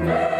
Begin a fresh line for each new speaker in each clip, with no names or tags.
Amen.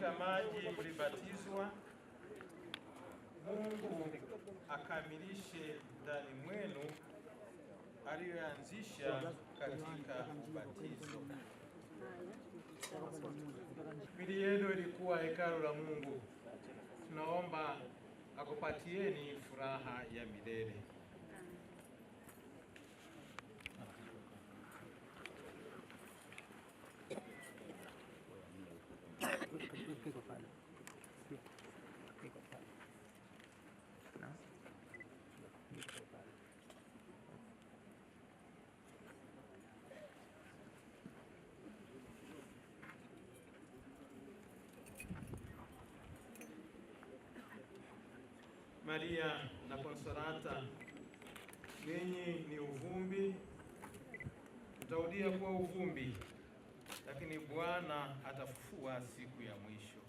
katika maji mlibatizwa, Mungu akamilishe ndani mwenu aliyoanzisha katika ubatizo. Mili yenu ilikuwa hekalu la Mungu. Tunaomba akupatieni furaha ya milele. pale. pale. pale. Maria na Consolata, ninyi ni uvumbi, mtarudia kuwa uvumbi lakini Bwana atafufua siku ya mwisho.